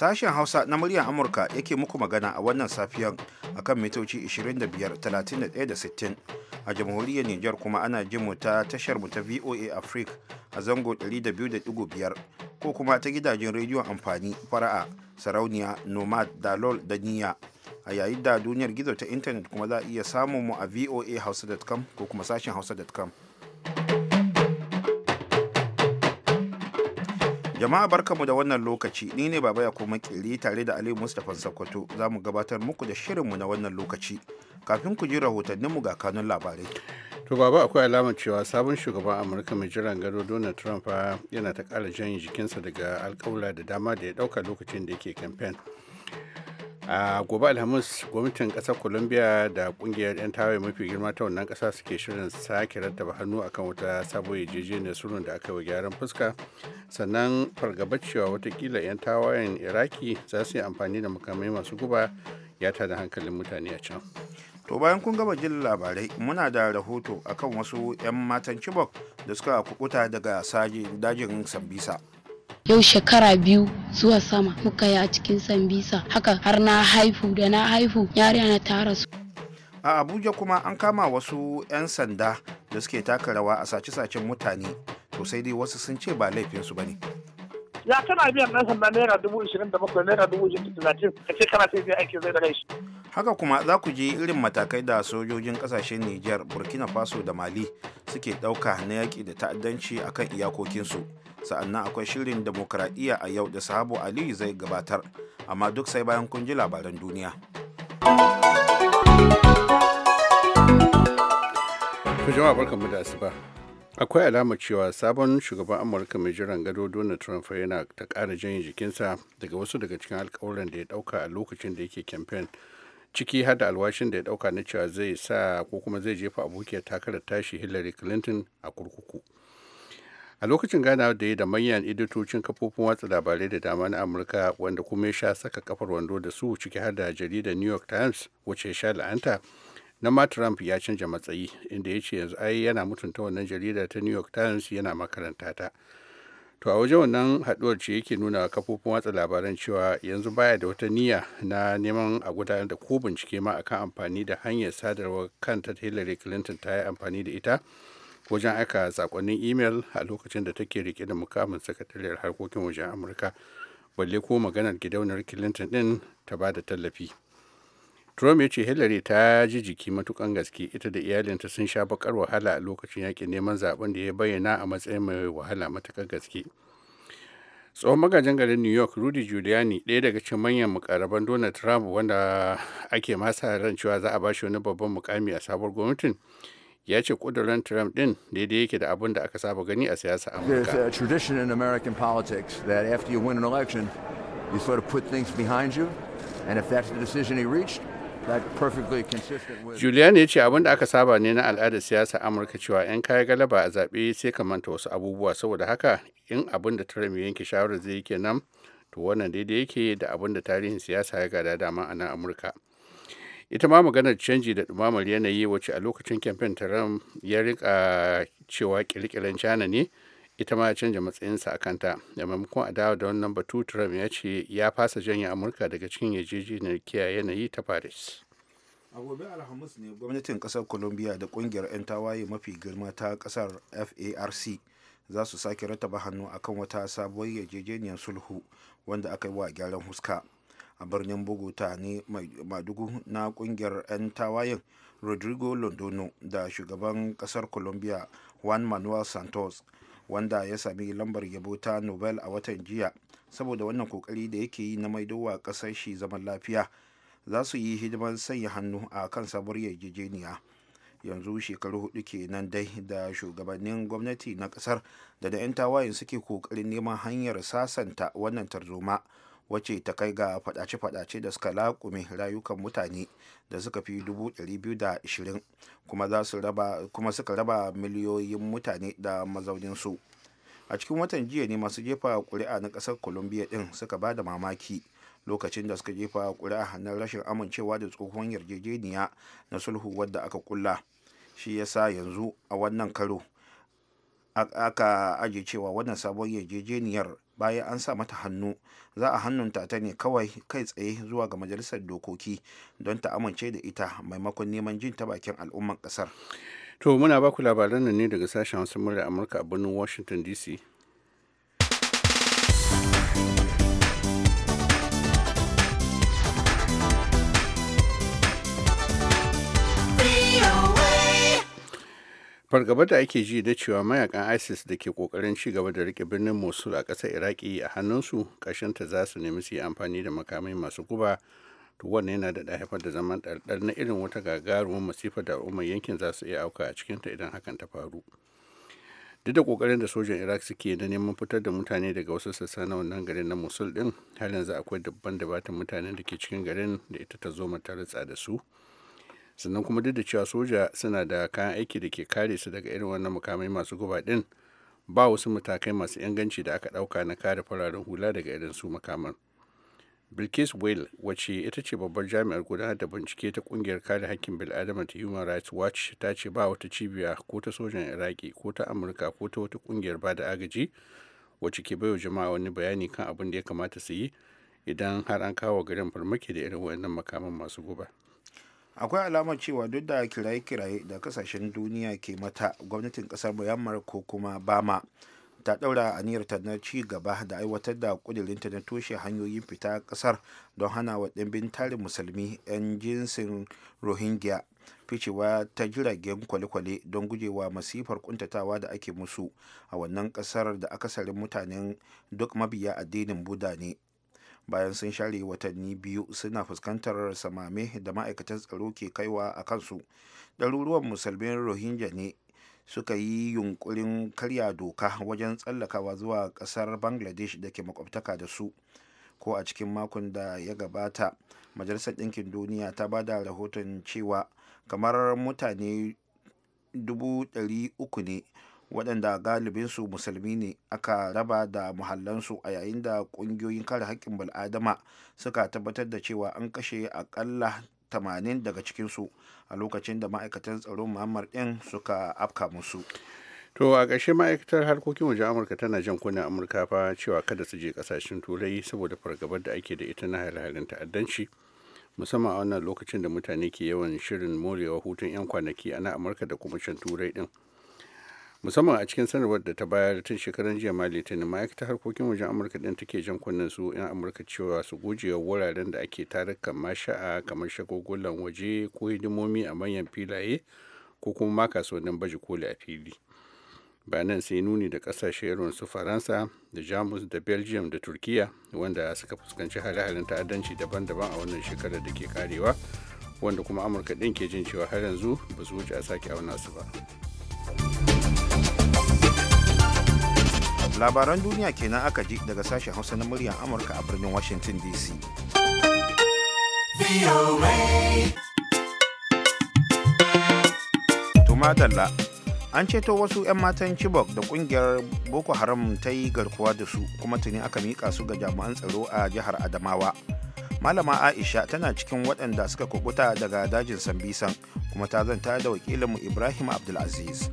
Sashen Hausa na muryar Amurka yake muku magana a wannan safiyan akan mitoci 25, 31 A jamhuriyar Nijar kuma ana jin mu ta tashar mu ta VOA Africa a zango 200.5 ko kuma ta gidajen rediyon amfani fara'a sarauniya nomad dalol da niya a yayin da duniyar gizo ta intanet kuma za a iya samun mu a hausa.com ko kuma sashen hausa.com. jama'a barka mu da wannan lokaci ni ne baba ya kuma kiri tare da aliyu mustapha sakwato za mu gabatar muku da shirin mu na wannan lokaci kafin ku ji rahotanninmu ga kanun labarai to baba akwai alamar cewa sabon shugaban amurka mai jiran gado donald trump ah, yana ta kara janye jikinsa daga alkawla da dama da ya ɗauka lokacin da yake kamfen a gobe alhamis gwamnatin kasar colombia da kungiyar 'yan tawaye mafi girma ta wannan kasa suke shirin sake rattaba hannu akan wata sabuwar yarjejeniyar sulhun da aka yi gyaran fuska sannan fargaba cewa watakila 'yan tawayen iraki za su yi amfani da makamai masu guba ya tada hankalin mutane a can to bayan kun gama jin labarai muna da rahoto akan wasu 'yan matan chibok da suka kukuta daga dajin sambisa yau shekara biyu zuwa sama muka yi a cikin sambisa haka har na haifu da na haifu yariya na ta rasu a abuja kuma an kama wasu 'yan sanda da suke taka rawa a sace-sacen mutane to sai dai wasu sun ce ba laifinsu ba ne ya kana biyan ɗan sanda naira dubu ishirin da bakwai naira dubu ishirin da talatin ka ce kana sai zai aiki zai da shi haka kuma za ku je irin matakai da sojojin kasashen niger burkina faso da mali suke ɗauka na yaƙi da ta'addanci akan iyakokinsu sa'annan akwai shirin demokradiyya a yau da sahabu aliyu zai gabatar amma duk sai bayan kun ji labaran duniya jama'a mu da asuba akwai alama cewa sabon shugaban amurka mai jiran gado donald trump yana ta kara janye jikinsa daga wasu daga cikin alkawuran da ya ɗauka a lokacin da yake campaign ciki har da alwashin da ya ɗauka na cewa zai sa ko kuma zai jefa abokiyar takarar tashi hillary clinton a kurkuku a lokacin ganawa da ya da manyan editocin kafofin watsa labarai da dama na amurka wanda kuma ya sha saka kafar wando da su ciki har da jaridar new york times wacce ya sha la'anta na ma trump ya canja matsayi inda ya ce yanzu ai yana mutunta wannan jarida ta new york times yana makaranta ta to a wajen wannan haduwar ce yake nuna kafofin watsa labaran cewa yanzu baya da wata niyya na neman a gudanar da ko bincike ma akan amfani da hanyar sadarwar kanta hillary clinton ta yi amfani da ita wajen aika sakonnin imel a lokacin da take rike da mukamin sakatariyar harkokin wajen amurka balle ko maganar gidauniyar clinton din ta ba da tallafi trump ya ce hillary ta ji jiki matukan gaske ita da iyalinta sun sha bakar wahala a lokacin yakin neman zaben da ya bayyana a matsayin mai wahala matakar gaske tsohon magajin garin new york rudy giuliani ɗaya daga cikin manyan mukaraban donald trump wanda ake masa ran cewa za a bashi wani babban mukami a sabuwar gwamnatin ya ce kudurin trump din daidai yake da abin da aka saba gani a siyasa amurka a tradition in american politics that after you win put things behind you and if that's the Julian ya ce abin da aka saba ne na al'adar siyasa Amurka cewa 'yan kaya galaba a zaɓe sai ka manta wasu abubuwa saboda haka in abin da Trump ya yanke shawarar zai yake nan to wannan daidai yake da abin da tarihin siyasa ya gada dama a nan Amurka. ita ma maganar canji da ɗumamar yanayi wacce a lokacin kamfen taron ya rika cewa kirkiren china ne ita ma ya canja matsayinsa a kanta da maimakon a dawo da wannan batu trump ya ce ya fasa janye amurka daga cikin yarjejeniyar kiyaye yanayi ta paris a gobe alhamis ne gwamnatin kasar colombia da kungiyar 'yan tawaye mafi girma ta kasar farc za su sake rattaba hannu akan wata sabuwar yarjejeniyar sulhu wanda aka yi wa gyaran huska a birnin bugu ta ne madugu na kungiyar 'yan tawayen rodrigo londono da shugaban kasar colombia juan manuel santos wanda ya sami lambar yabo ta nobel a watan jiya saboda wannan kokari da yake yi na maidowa kasar shi zaman lafiya za su yi hidimar sanya hannu a kan sabuwar yarjejeniya yanzu shekaru hudu kenan dai da shugabannin gwamnati na kasar da da 'yan tawayen suke kokarin neman hanyar sasanta wannan tarzoma wacce ta kai ga fadace-fadace da suka laƙume rayukan mutane da suka fi 220 kuma suka raba miliyoyin mutane da mazauninsu a cikin watan jiya ne masu jefa ƙuri'a na ƙasar colombia ɗin suka ba da mamaki lokacin da suka jefa ƙuri'a na rashin amincewa da tsohon yarjejeniya na sulhu wadda aka kulla shi yasa yanzu a wannan karo aka ajiye cewa wannan sabon yarjejeniyar baya an sa mata hannu za a hannunta ta ne kawai kai tsaye zuwa ga majalisar dokoki don ta amince da ita maimakon neman jin ta bakin al'umman kasar to muna ba ku labaran nan ne daga sashen wasu murya amurka a birnin washington dc fargaba da ake ji da cewa mayakan isis da ke kokarin ci gaba da rike birnin mosul a ƙasar iraki a hannunsu ta za su nemi su yi amfani da makamai masu guba to wannan yana da haifar da zaman ɗarɗar na irin wata gagarumin masifa da al'ummar yankin za su iya auka a cikin ta idan hakan ta faru duk da kokarin da sojan iraq suke na neman fitar da mutane daga wasu sassa na wannan garin na mosul din har yanzu akwai dabban da batan mutanen da ke cikin garin da ita ta zo ta da su sannan kuma duk da cewa soja suna da kayan aiki da ke kare su daga irin wannan mukamai masu guba din ba wasu matakai masu inganci da aka dauka na kare fararen hula daga irin su makaman bilkis will wacce ita ce babbar jami'ar gudanar da bincike ta kungiyar kare hakkin bil'adama ta human rights watch ta ce ba wata cibiya ko ta sojan iraki ko ta amurka ko ta wata kungiyar ba da agaji wacce ke baiwa jama'a wani bayani kan abin da ya kamata su yi idan har an kawo garin farmaki da irin waɗannan makaman masu guba akwai alamar cewa duk da kiraye-kiraye da kasashen duniya ke mata gwamnatin kasar myanmar ko kuma bama ta daura ta na ci gaba da aiwatar da kudirinta na toshe hanyoyin fita kasar don hana wa ɗimbin tarin musulmi 'yan jinsin rohingya ficewa ta jiragen kwale-kwale don gujewa masifar kuntatawa da ake musu a wannan kasar da akasarin mutanen duk mabiya addinin buda ne bayan sun share watanni biyu suna fuskantar samame da ma'aikatan tsaro ke kaiwa a kansu ɗaruruwan musulmin rohingya ne suka yi yunkurin karya doka wajen tsallakawa zuwa ƙasar bangladesh da ke makwabtaka da su ko a cikin makon da ya gabata majalisar ɗinkin duniya ta ba da rahoton cewa kamar mutane dubu uku ne waɗanda galibinsu musulmi ne aka raba da muhallansu a yayin da ƙungiyoyin kare haƙƙin bal'adama suka tabbatar da cewa an kashe aƙalla tamanin daga cikinsu a lokacin da ma'aikatan tsaron muhammad ɗin suka afka musu to a ƙarshe ma'aikatar harkokin wajen amurka tana jan kunnen amurka fa cewa kada su je ƙasashen turai saboda fargabar da ake da ita na halin ta'addanci musamman a wannan lokacin da mutane ke yawan shirin morewa hutun 'yan kwanaki a na amurka da kuma can turai din musamman a cikin sanarwar da ta bayar tun shekaran jiya ma litinin ma'aikatar harkokin wajen amurka din take jan kunnen su 'yan amurka cewa su gujewa wuraren da ake tarukan masha'a kamar shagogulan waje ko hidimomi a manyan filaye ko kuma ma kasuwannin baje koli a fili bayanan sai nuni da kasashe irin su faransa da jamus da belgium da turkiya wanda suka fuskanci hare-haren ta'addanci daban-daban a wannan shekarar da ke karewa wanda kuma amurka ɗin ke jin cewa har yanzu ba su wuce a sake auna su ba labaran duniya kenan aka ji daga sashen hausa na muryar amurka a birnin washington dc tumadalla an ceto wasu 'yan matan chibok da kungiyar boko haram ta yi garkuwa da su kuma tuni aka miƙa su ga jami'an tsaro a jihar adamawa malama aisha tana cikin waɗanda suka kubuta daga dajin sambisan kuma ta zanta da wakilinmu ibrahim abdulaziz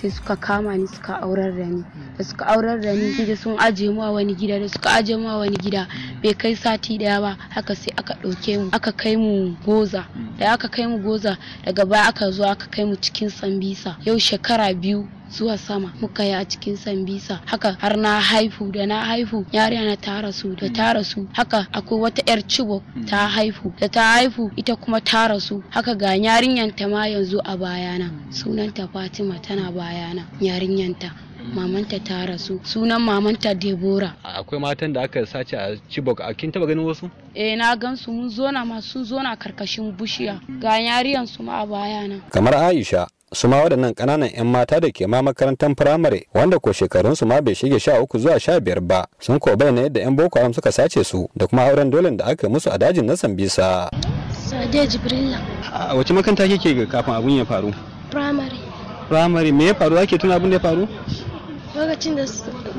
sai suka kama ni suka aurar da ni da suka aurar da ni da sun aje mu a wani gida da suka aje mu a wani gida bai kai sati daya ba haka sai aka ɗauke mu aka kai mu goza da aka kai mu goza daga baya aka zo aka kai mu cikin sambisa yau shekara biyu zuwa sama muka yi a cikin sambisa haka har na haifu da na haifu yariya na ta rasu da ta rasu haka akwai wata yar cibo ta haifu da ta haifu ita kuma ta rasu haka ga yarinyan ta ma yanzu a bayana sunanta fatima tana bayana yarinyanta mamanta ta rasu sunan mamanta debora akwai matan da aka sace a chibok a kin taba ganin wasu eh na gan su mun zona ma sun zona karkashin bushiya ga yariyan su ma a bayana kamar aisha su ma waɗannan ƙananan 'yan mata da ke ma makarantar firamare wanda ko shekarunsu ma bai shige sha uku zuwa sha biyar ba sun ko bayyana yadda 'yan boko haram suka sace su da kuma auren dole da aka musu a dajin na sambisa. sadiya jibrila a wace makaranta kike kafin abun ya faru firamare firamare me ya faru ake tuna abun da ya faru lokacin da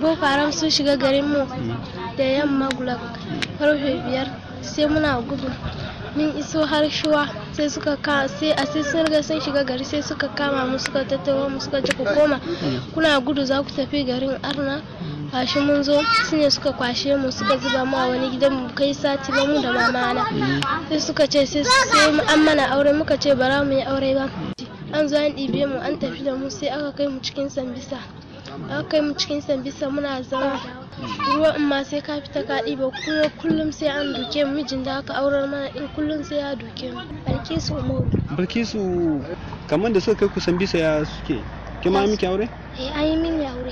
boko haram sun shiga garin mu mm. da yamma gulag karfe biyar sai muna gudu mun iso har shuwa sai suka ka sai a sai sun riga sun shiga gari sai suka kama mu suka tattawa mu suka ji ku koma kuna gudu za ku tafi garin arna gashi mun zo sune suka kwashe mu suka zuba mu a wani gidan mu kai sati ba mu da na sai suka ce sai an mana aure muka ce bara mu yi aure ba an zo an ɗibe mu an tafi da mu sai aka kai mu cikin sambisa an kai mu cikin sambisa muna zama ruwa in ma sai ka fita ka ɗiba kuma kullum sai an duke mu mijin da aka aurar mana in kullum sai ya duke mu barkisu umaru barkisu kamar da suka kai ku sambisa ya suke kima miki aure eh an yi mini aure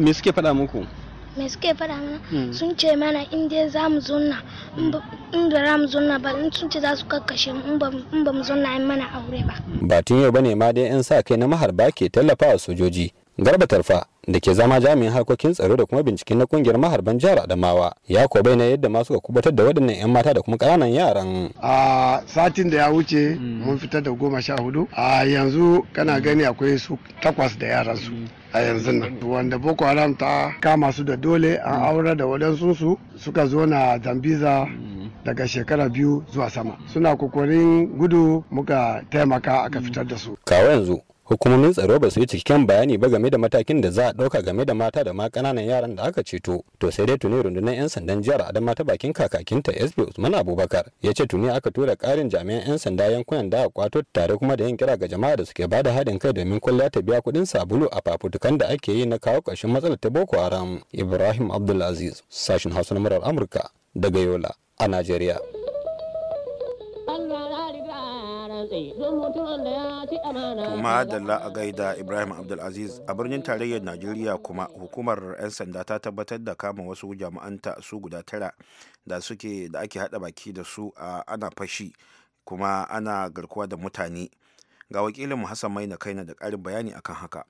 me suke faɗa muku Mai suke fada mana hmm. sun ce mana in dai za mu zonna in da hmm. za mu zonna ba in sun ce za su kakkashe mu in ba mu zonna in mana aure ba. ba tun yau bane ma dai 'yan sa kai na maharba ke tallafa wa sojoji garba tarfa da ke zama jami'in harkokin tsaro da kuma binciken na kungiyar maharban jihar adamawa ya ko na yadda ma suka kubatar da waɗannan 'yan mata da kuma ƙananan yaran a satin da ya wuce hmm. mun fitar da goma sha hudu a yanzu kana gani akwai su takwas da yaran su a yanzu nan wanda boko haram ta kama su da dole an mm. aura da waɗansu su suka zo na zambiza mm. daga shekara biyu zuwa sama suna kokarin gudu muka taimaka aka mm. fitar da su kawo yanzu hukumomin tsaro ba su yi cikakken bayani ba game da matakin da za a ɗauka game da mata da ma kananan yaran da aka ceto to sai dai tuni rundunar 'yan sandan jihar adama ta bakin kakakinta sb usman abubakar ya ce tuni aka tura ƙarin jami'an 'yan sanda yankunan da aka kwato tare kuma da yin kira ga jama'a da suke ba da haɗin kai domin kulla ta biya kuɗin sabulu a fafutukan da ake yi na kawo ƙarshen matsalar ta boko haram ibrahim abdulaziz sashen hausa na murar amurka daga yola a najeriya. kuma da a gaida Ibrahim Abdulaziz a birnin tarayyar Najeriya kuma hukumar 'yan sanda ta tabbatar da kama wasu jami'anta su guda tara da suke da ake hada baki da su a ana fashi kuma ana garkuwa da mutane. Ga wakilin Hassan Maina na da ƙarin bayani akan haka.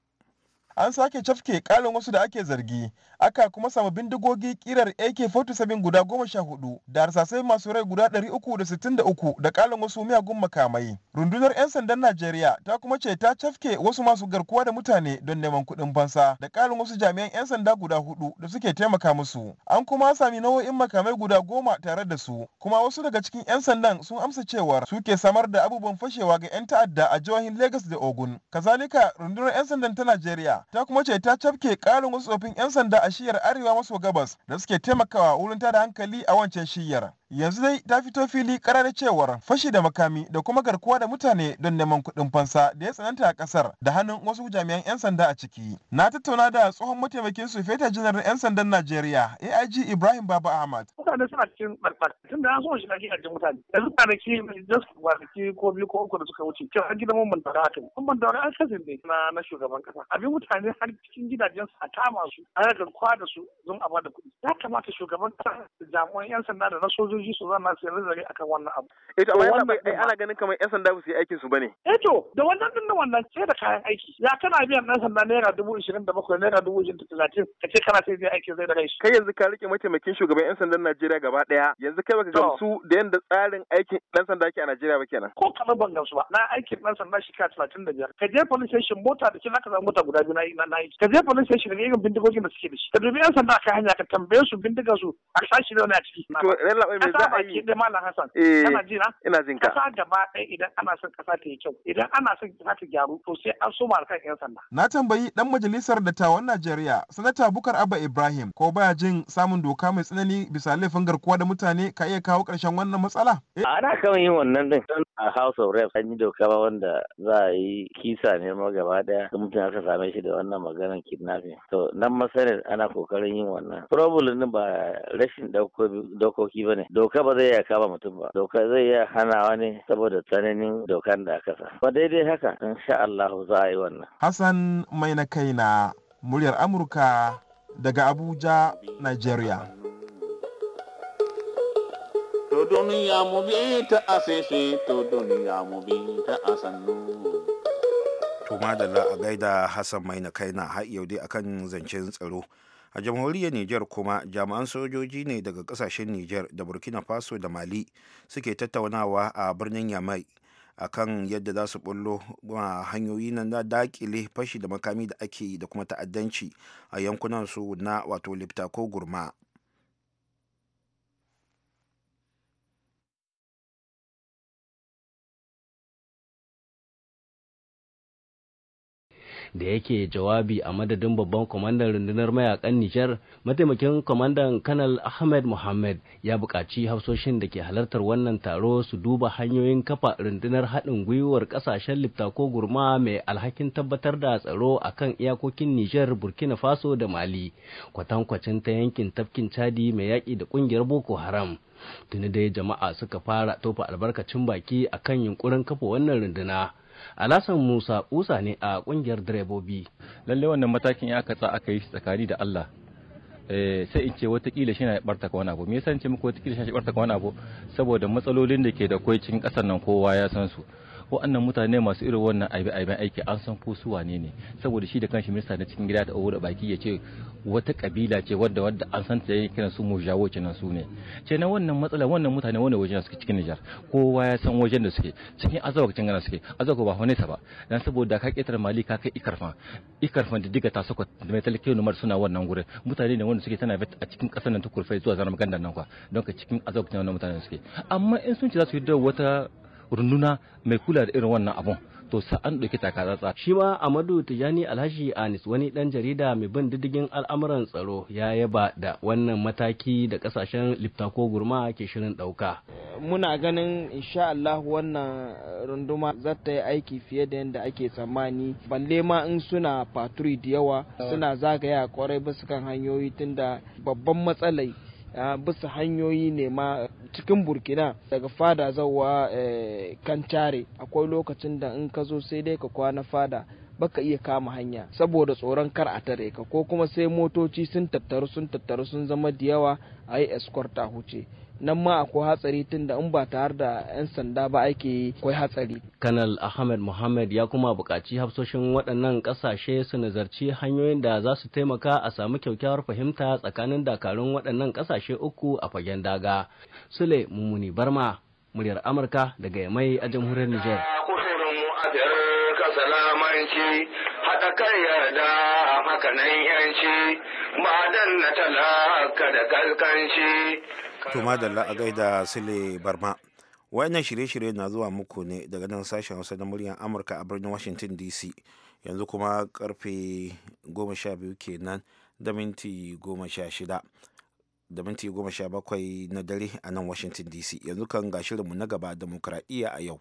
an sake cafke kalin wasu da ake zargi aka kuma samu bindigogi kirar ak-47 guda 14 da harsasai masu rai guda 363 da kalin wasu miyagun makamai rundunar 'yan sandan najeriya ta kuma ce ta cafke wasu masu garkuwa da mutane don neman kuɗin fansa da kalin wasu jami'an 'yan sanda guda hudu da suke taimaka musu an kuma sami nau'o'in makamai guda goma tare da su kuma wasu daga cikin 'yan sandan sun amsa cewar suke samar da abubuwan fashewa ga 'yan ta'adda a jihohin Legas da ogun kazalika rundunar 'yan sandan ta najeriya ta kuma ce ta cafke ƙarin wasu tsofin 'yan sanda a shiyar arewa maso gabas da suke taimakawa wurin tada hankali a wancan shiyar. yanzu dai ta fito fili karar cewar fashi da makami da kuma garkuwa da mutane don neman kuɗin fansa da ya tsananta a ƙasar da hannun wasu jami'an 'yan sanda a ciki na tattauna da tsohon mataimakin su feta janar 'yan sandan najeriya aig ibrahim baba ahmad mutane suna cikin barbar tun da an so shiga gidajen mutane yanzu kwanaki just kwanaki ko biyu ko uku da suka wuce kira gidan mun bandara haka mun bandara an kasin ne na na shugaban ƙasa. abin mutane har cikin gidajen su a kama su a garkuwa da su don a bada kuɗi ya kamata shugaban kasa da jami'an 'yan sanda da na sojoji sun ji su zama su nazari akan wannan abu. Eto amma yana bai ana ganin kamar yan sanda ba su yi aikin su ba ne. Eto eh, da wannan din na wannan sai da kayan aiki. Ya kana biyan ɗan sanda naira dubu ishirin da bakwai naira dubu ishirin da talatin ka ce kana sai zai aikin zai da rai. Kai yanzu ka rike mataimakin shugaban yan sandan Najeriya gaba ɗaya yanzu kai baka gamsu da yadda tsarin aikin ɗan sanda ke a Najeriya ba kenan. Ko kama ban gamsu ba na aikin ɗan sanda shi ka talatin da biyar. Ka je police station mota da ke na ka samu mota guda biyu na na aiki. Ka je police station ne irin bindigogin da suke da shi. Ka dubi yan sanda ka hanya ka tambaye su bindiga su a sashi ne wani a ciki. To da za eh, na ina jin idan ana son kasa ta yi kyau idan ana son ta gyaru sai an kan yan sanda na tambayi dan majalisar dattawan Najeriya sanata Bukar Abba Ibrahim ko baya jin samun doka mai tsanani bisa laifin garkuwa da mutane ka iya kawo ƙarshen wannan matsala eh. ana kawai yin wannan din a House of Reps an yi doka wanda za a yi kisa ne ma gaba daya. da mutum aka same shi da wannan maganar kidnapping to nan masanin ana kokarin yin wannan problem ba rashin dokoki ba ne doka ba zai iya kama mutum ba doka zai iya hana wani saboda tsananin dokan da aka sa ba daidai haka in sha Allah za a yi wannan Hassan mai na kaina muryar Amurka daga Abuja Nigeria To duniya mu bi ta asese to duniya mu bi ta asannu To madalla a gaida Hassan mai na kaina har yau dai akan zancen tsaro a jamhuriyar niger kuma jami'an sojoji ne daga kasashen niger da burkina faso da mali suke tattaunawa a birnin yamai a kan yadda za su bullo hanyoyi na dakile fashi da makami da ake yi da kuma ta'addanci a yankunan su na wato lipta ko gurma da yake jawabi a madadin babban kwamandan rundunar mayakan Nijar mataimakin kwamandan kanal Ahmed Mohamed ya buƙaci hafsoshin da ke halartar wannan taro su duba hanyoyin kafa rundunar haɗin gwiwar ƙasashen ko gurma mai alhakin tabbatar da tsaro a kan iyakokin Nijar Burkina Faso da Mali kwatankwacin ta yankin tafkin Chadi mai yaƙi da ƙungiyar Boko Haram. Tuni dai jama'a suka fara tofa albarkacin baki akan yunƙurin kafa wannan runduna. alasan musa kusa ne a kungiyar direbobi lalle wannan matakin ya katsa aka yi tsakani da allah eh, sai in ce watakila shi na barta wani abu me yasa in ce muku watakila shi na barta wani abu saboda matsalolin da ke da kwaicin cikin kasar nan kowa ya san su wa'annan mutane masu irin wannan aibe-aiben aiki an san ko su wane ne saboda shi da kanshi minista na cikin gida da owo da baki ya ce wata kabila ce wadda wadda an san ta yayin kiran su jawo kenan su ne na wannan matsala wannan mutane wannan wajen suke cikin Nijar kowa ya san wajen da suke cikin azawa cikin gana suke azawa ba hone ta ba dan saboda ka ketar mali ka kai ikarfan ikarfan da diga ta sako da mai talake numar suna wannan gure mutane ne wanda suke tana a cikin kasar nan ta kurfai zuwa zaman gandan nan kwa don ka cikin azawa cikin wannan mutane suke amma in sun ce za su yi da wata runduna mai kula da irin wannan abun to sa an ɗauki takatsatsa. shi ma amadu tijani alhaji anis wani dan jarida mai bin diddigin al'amuran tsaro ya yaba da wannan mataki da ƙasashen ko gurma ke shirin ɗauka. muna ganin insha Allah wannan runduma za ta yi aiki fiye da yadda ake tsammani balle ma in suna faturi da yawa suna zagaya kwarai bisa kan hanyoyi tunda babban matsalai bisa hanyoyi ne ma cikin burkina daga fada zauwa eh, kancare akwai lokacin da in ka zo sai dai ka kwana fada baka iya kama hanya saboda tsoron kar a tare ka ko kuma sai motoci sun tattaru sun tattaru sun zama da yawa a yi escort a huce nan ma akwai hatsari tun da in ba tare da 'yan sanda ba ake akwai hatsari. Kanal Ahmed muhammad ya kuma buƙaci hafsoshin waɗannan ƙasashe su nazarci hanyoyin da za su taimaka a samu kyaukyawar fahimta tsakanin dakarun waɗannan ƙasashe uku a fagen daga. Sule Mummuni Barma, muryar Amurka daga Yamai a jamhuriyar Nijar. haɗa kai yarda haka nan yanci, ma'adan na talaka da kalkanci. To madalla a gaida Sule Barma. Wayannan shirye-shirye na zuwa muku ne daga nan sashen Hausa na muryar Amurka a birnin Washington DC. Yanzu kuma karfe 12 kenan da minti 16 da minti 17 na dare a nan Washington DC. Yanzu kan ga shirinmu na gaba demokradiyya a yau.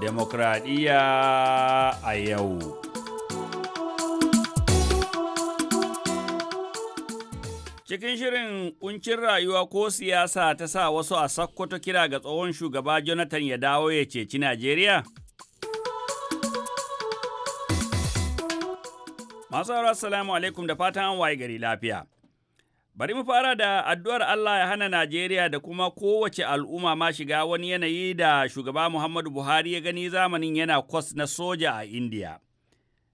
demokradiyya a yau. Cikin shirin kuncin rayuwa ko siyasa ta sa wasu a sakkwato kira ga tsohon shugaba Jonathan ya dawo ya ceci Najeriya? Masu salamu alaikum da fatan an waye gari lafiya. Bari mu fara da addu'ar Allah ya hana Najeriya da kuma kowace al'umma ma shiga wani yanayi da shugaba Muhammadu Buhari ya gani zamanin yana kwas na soja a Indiya.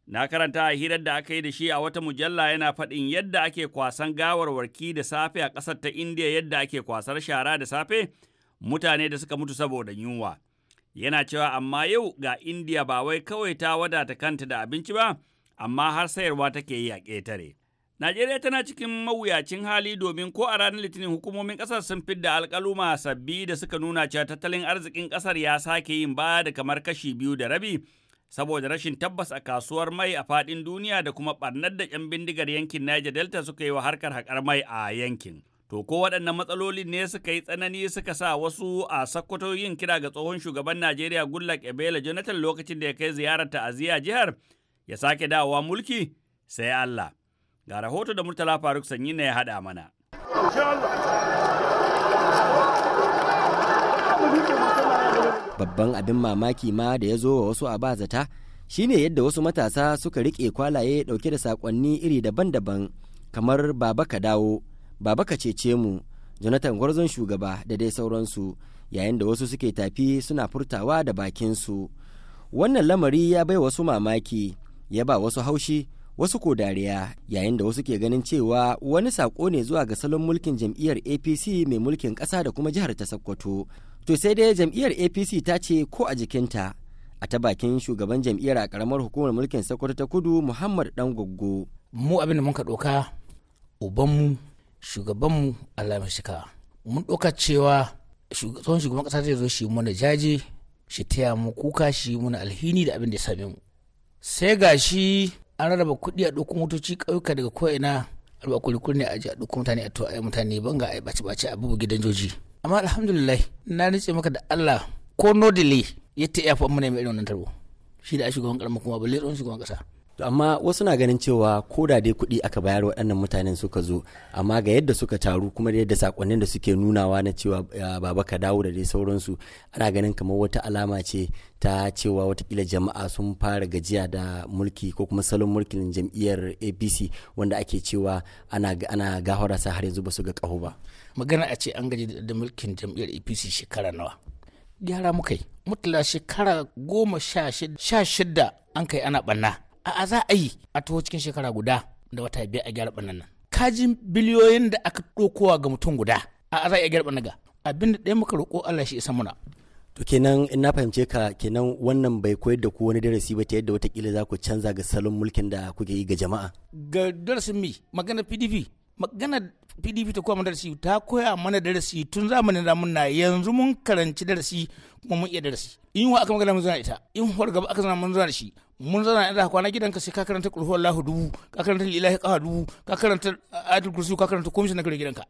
Na karanta a hirar da aka yi da shi a wata mujalla yana faɗin yadda ake kwasan gawarwarki da safe a ƙasar ta Indiya yadda ake kwasar shara da safe mutane da suka mutu saboda yunwa. Yana cewa amma yau ga Indiya ba wai kawai ta wadata kanta da abinci ba, amma har sayarwa take yi a ƙetare. Najeriya tana cikin mawuyacin hali domin ko a ranar Litinin hukumomin ƙasar sun fidda alƙaluma sabbi da suka nuna cewa tattalin arzikin ƙasar ya sake yin baya da kamar kashi biyu da rabi saboda rashin tabbas a kasuwar mai a faɗin duniya da kuma ɓarnar da 'yan bindigar yankin Niger Delta suka yi wa harkar haƙar mai a yankin. To ko waɗannan matsalolin ne suka yi tsanani suka sa wasu a Sokoto yin kira ga tsohon shugaban Najeriya Goodluck Ebele Jonathan lokacin da ya kai ziyarar ta ta'aziyya jihar ya sake dawowa mulki sai Allah. Ga rahoto da Murtala Faruk Sanyi ne ya haɗa mana. Babban abin mamaki ma da ya zo wa wasu a bazata shine yadda wasu matasa suka riƙe kwalaye ɗauke da saƙonni iri daban-daban kamar baba ka dawo, baba ka cece mu, Jonathan gwarzon shugaba da dai sauransu yayin da wasu suke tafi suna furtawa da bakinsu. Wannan lamari ya bai wasu mamaki, ya ba wasu haushi wasu ko dariya yayin da wasu ke ganin cewa wani sako ne zuwa ga salon mulkin jam'iyyar apc mai mulkin ƙasa da kuma jihar ta sokoto to sai dai jam'iyyar apc ta ce ko a jikinta a ta bakin shugaban jam'iyyar a ƙaramar hukumar mulkin sokoto ta kudu muhammad dan goggo mu abin da muka doka ubanmu shugabanmu alamin shika mun doka cewa tsohon shugaban ƙasa zai zo shi mana jaje shi taya mu kuka shi muna alhini da abin da ya same mu sai ga shi an rarraba kuɗi a ɗauko motoci ƙauyuka daga ko'ina alba kulikul ne a ji a ɗauko mutane a to a yi mutane ga a yi ɓace ɓace a bubu gidan joji amma alhamdulillah na nace maka da Allah ko nodili yadda ya ta yafa ne mai irin wannan tarbo shi da shugaban karamar kuma balle tsohon shugaban kasa amma wasu na ganin cewa ko da dai kuɗi aka bayar waɗannan mutanen suka zo amma ga yadda suka taru kuma da yadda sakonnin da suke nunawa na cewa baba ka dawo da dai sauransu ana ganin kamar wata alama ce ta cewa watakila jama'a sun fara gajiya da mulki ko kuma salon mulkin jam'iyyar apc wanda ake cewa ana ana sa har yanzu ba su ga ƙaho ba magana a ce an gaji da mulkin jam'iyyar apc shekara nawa gyara muka yi mutala shekara goma sha shida an kai ana ɓanna a za a yi a taho cikin shekara guda da wata biyar a gyara ɓannan nan kajin biliyoyin da aka ɗaukowa ga mutum guda a za a gyara ɓannan ga abin da ɗaya muka roƙo Allah shi isa muna to kenan in na fahimce ka kenan wannan bai koyar da ku wani darasi ba ta yadda watakila za ku canza ga salon mulkin da kuke yi ga jama'a ga darasin mi magana pdp magana pdp ta koya mana darasi ta koya mana darasi tun zamanin da muna yanzu mun karanci darasi kuma mun iya darasi in wa aka magana mun zana ita in hor gaba aka zana mun zana shi mun zana inda kwana gidanka sai ka karanta kulhu lahu dubu ka karanta lilahi kawa dubu ka karanta adil kursu ka karanta komishin na kare gidanka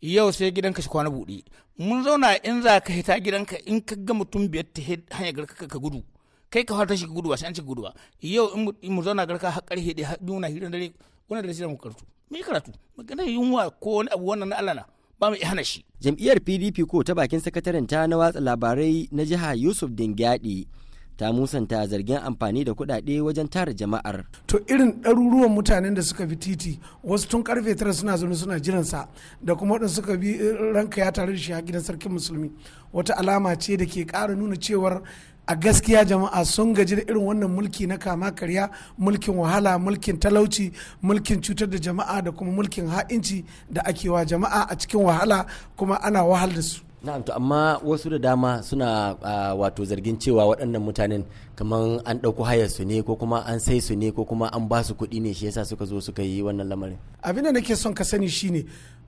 yau sai gidanka shi kwana buɗe mun zauna in za ka hita gidanka in ka ga mutum biyar ta hanyar garka ka gudu kai ka fata shi ka gudu ba sai an ci gudu ba yau in mu zauna garka har karhe ɗaya har biyu na hirar dare wani da da mu karatu mu yi karatu maganar yunwa ko wani abu wannan na Allah ba mu hana shi jam'iyyar PDP ko ta bakin sakataren ta na watsa labarai na jiha Yusuf Dingyadi ta musanta zargin amfani da kuɗaɗe wajen tara jama'ar. To irin ɗaruruwan mutanen da suka bi titi wasu tun karfe tara suna zaune suna jiran sa da kuma waɗanda suka bi eh, ranka ya tare da shi a gidan sarkin musulmi wata alama ce da ke ƙara nuna cewar a gaskiya jama'a sun gaji da irin wannan mulki na kama karya mulkin wahala mulkin talauci mulkin cutar da jama'a da kuma mulkin ha'inci da ake wa jama'a a cikin wahala kuma ana wahal da su na'am to amma wasu da dama suna wato zargin cewa waɗannan mutanen kamar an ɗauko hayar su ne ko kuma an sai su ne ko kuma an ba su kuɗi ne shi yasa suka zo suka yi wannan lamarin abin da nake son ka sani shine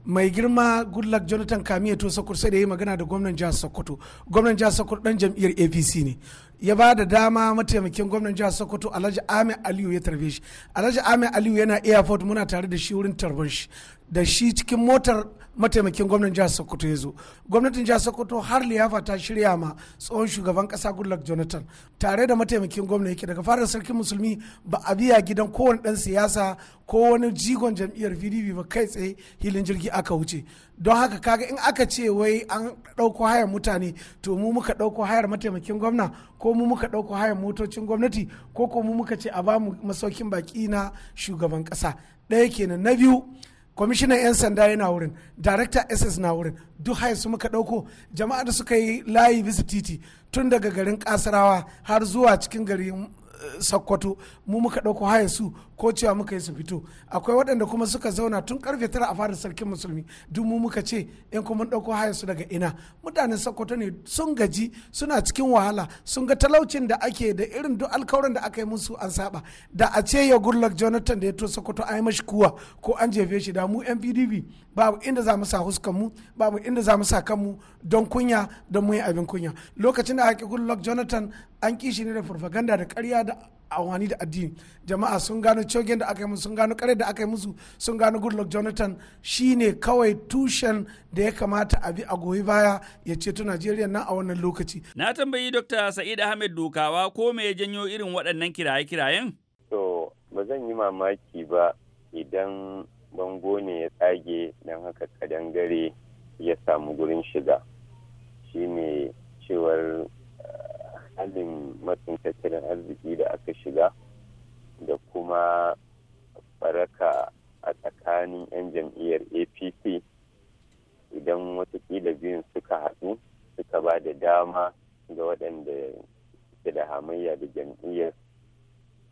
mai girma goodluck jonathan kamiya to sokoto sai da yi magana da gwamnan jihar sokoto gwamnan jihar sokoto dan jam'iyyar apc ne ya ba da dama mataimakin gwamnan jihar sokoto alhaji ahmed aliyu ya tarbe shi alhaji ahmed aliyu yana airport muna tare da shi wurin tarban shi da shi cikin motar mataimakin gwamnan jihar sokoto ya zo gwamnatin jihar sokoto har liyafa ta shirya ma tsohon shugaban kasa goodluck jonathan tare da mataimakin gwamna yake daga fara sarkin musulmi ba a biya gidan kowane dan siyasa ko wani jigon jam'iyyar pdp ba kai tsaye hilin jirgi aka wuce don haka kaga in aka ce wai an ɗauko hayar mutane to mu muka ɗauko hayar mataimakin gwamna ko mu muka ɗauko hayar motocin gwamnati ko ko mu muka ce a ba mu masaukin baki na shugaban kasa ɗaya kenan na biyu kwamishinan 'yan sanda yana wurin darakta ss na wurin duk haya su muka dauko jama'a da suka yi layi bisa titi tun daga garin kasarawa har zuwa cikin garin eh, sokoto mu muka dauko haya su ko cewa muka yi su fito akwai waɗanda kuma suka zauna tun karfe tara a fara sarkin musulmi duk mu muka ce in kuma ɗauko hayar su daga ina mutanen sokoto ne sun gaji suna cikin wahala sun ga talaucin da ake da irin duk alkawarin da aka yi musu an saba da a ce ya gurlak jonathan da ya to sokoto a yi mashi kuwa ko an jefe shi da mu yan pdp babu inda za mu sa huskan mu babu inda za mu sa kanmu don kunya don mu yi abin kunya lokacin da aka gurlak jonathan an kishi ne da farfaganda da karya da awani da addini jama'a sun gano cogin da aka yi musu sun gano kare da aka yi musu sun gano goodluck jonathan shine kawai tushen da ya kamata a bi a goyi baya ya ceto najeriya nan a wannan lokaci na tambayi dr sa'id ahmed dokawa ko me ya janyo irin waɗannan kiraye-kirayen to ba zan yi mamaki ba idan bango ne ya tsage don haka kadangare ya samu gurin shiga shine cewar halin matsin tattalin arziki da aka shiga da kuma baraka a tsakanin 'yan jam'iyyar apc idan watakila biyun suka haɗu suka ba da dama ga waɗanda ke da hamayya da jam'iyyar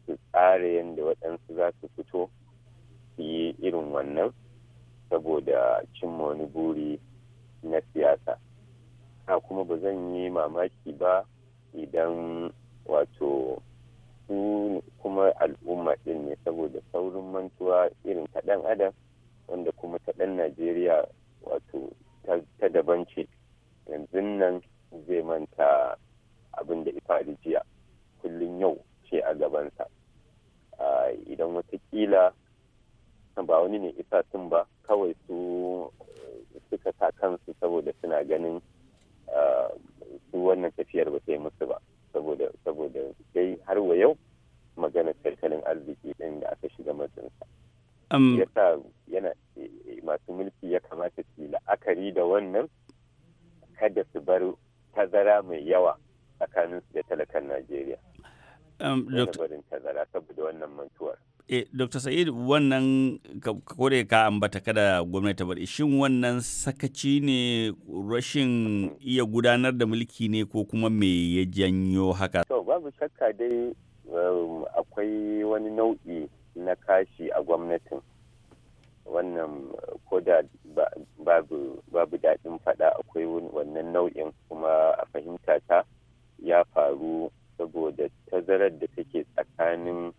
su tsara yadda waɗansu za su fito su yi irin wannan saboda cimma wani buri na siyasa. na kuma ba zan yi mamaki ba idan wato su kuma al'umma ɗin ne saboda saurin mantuwa irin kaɗan adam wanda kuma kaɗan najeriya wato ta daban ce yanzu nan zai manta abin da ifa jiya kullum yau ce a gabansa idan watakila ba wani ne isa sun ba kawai su suka sa kansu saboda suna ganin su wannan tafiyar ba sai musu Um, yasa eh, masu mulki ya kamata su la'akari da wannan kada su bar tazara mai yawa tsakanin su da talakan Najeriya. Um, barin tazara saboda wannan mantuwar. Eh, Dr. Sa'id wannan da ka ambata kada gwamnati ta bari shin wannan sakaci ne rashin iya gudanar da mulki ne ko kuma me ya janyo haka? To babu shakka dai um, akwai wani nau'i na kashi a gwamnatin wannan koda babu daɗin faɗa akwai wannan nau'in kuma a fahimta ta ya faru saboda tazarar da take tsakanin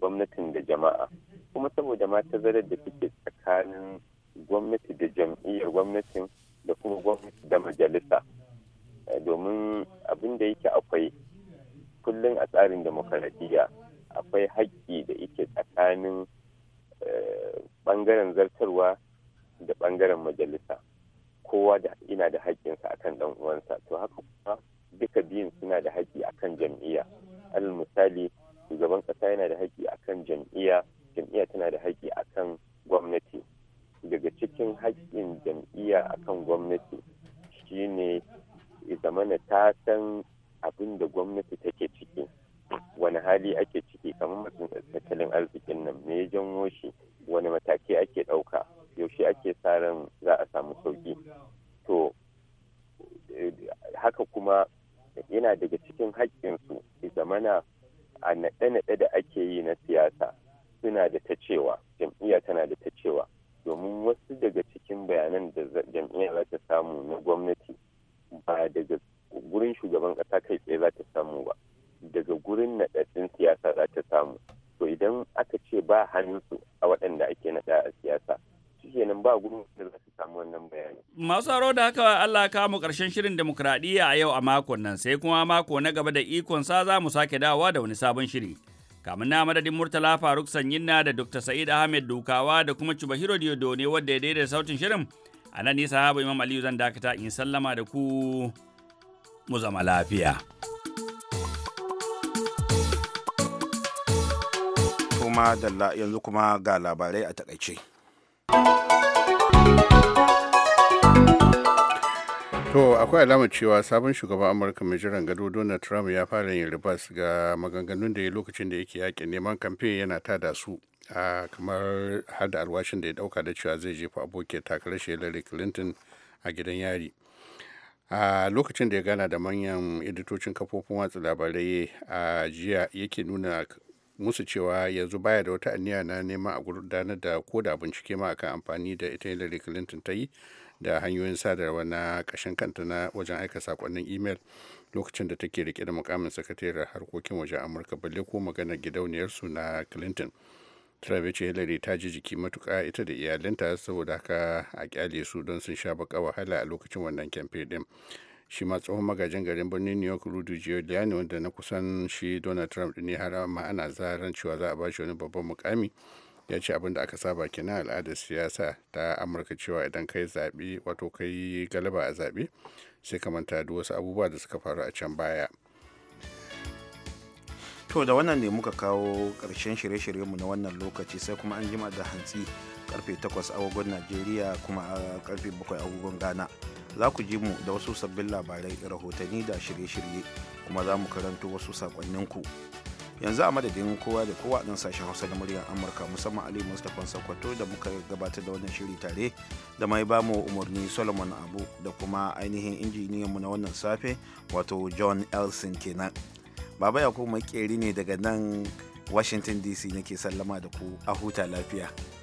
gwamnatin da jama'a kuma saboda ma tazarar da take tsakanin gwamnati da jam'iyyar gwamnatin da kuma gwamnati da majalisa domin abin da yake akwai kullum a tsarin demokaradiyya akwai haƙƙi da yake tsakanin eh, ɓangaren zartarwa da ɓangaren majalisa kowa da ina da haƙƙinsa akan ɗan uwansa to haka kuma duka biyun suna da haƙƙi akan jam'iyya alal misali shugaban ƙasa yana da haƙƙi akan jam'iyya jam'iyya tana da haƙƙi akan gwamnati daga cikin haƙƙin jam'iyya akan gwamnati shine zamana ta san abin da gwamnati take ciki wani hali ake ciki kamar matsin tattalin arzikin nan me ya janwo shi wani mataki ake ɗauka yaushe ake sa ran za a samu sauki to eh, haka kuma yana daga cikin haƙƙinsu zamana a naɗe-naɗe da ake yi na siyasa suna da ta cewa jam'iyya tana da ta cewa Masu aro da haka Allah ka mu karshen shirin demokradiyya a yau a makon nan sai kuma mako na gaba da ikon sa za mu sake dawowa da wani sabon shiri. Kamun na madadin Murtala Faruk Sanyinna da Dr. Sa'id Ahmed Dukawa da kuma Chubahiro Diodo ne wadda ya daidaita sautin shirin. A nan nisa sahabu Imam Aliyu zan dakata in sallama da ku mu zama lafiya. Kuma dalla yanzu kuma ga labarai a takaice. To akwai alamar cewa sabon shugaban Amurka mai jiran gado Donald Trump ya fara yin ribas ga maganganun da ya lokacin da yake yakin neman kamfe yana tada su a kamar har da alwashin da ya dauka da cewa zai jefa abokin takarar shi Hillary Clinton a gidan yari. a lokacin da ya gana da manyan editocin kafofin watsa labarai a jiya yake nuna musu cewa yanzu baya da wata aniya na neman a gudanar da ko da bincike ma akan amfani da ita Hillary Clinton ta yi da hanyoyin sadarwa na kashin kanta na wajen aika sakonnin imel lokacin da take rike da mukamin sakataren harkokin wajen amurka balle ko maganar gidauniyarsu na clinton trump ya ce hillary ta ji jiki matuka ita da iyalinta saboda haka a kyale su don sun sha baka wahala a lokacin wannan kyamfe din shi ma tsohon magajin garin birnin new york rudy giuliani wanda na kusan shi donald trump ne har ma ana zaran cewa za a ba wani babban mukami ya ce abin da aka saba kenan al'adar siyasa ta amurka cewa idan kai zaɓe wato kai galaba a zaɓe sai ka manta da wasu abubuwa da suka faru a can baya to da wannan ne muka kawo karshen shirye-shiryenmu na wannan lokaci sai kuma an jima da hantsi karfe 8 agogon najeriya kuma karfe 7 agogon ghana za ku ji mu da wasu sabbin labarai rahotanni da shirye-shirye kuma za mu karanto wasu sakonninku. yanzu a madadin kowa da kowa nan sashen hausa da muryar amurka musamman ali mustapha sakwato da muka gabatar da wannan shiri tare da mai ba mu umarni solomon abu da kuma ainihin injiniyan mu na wannan safe wato john elson kenan baba ya kuma makeri ne daga nan washington dc nake sallama da ku a huta lafiya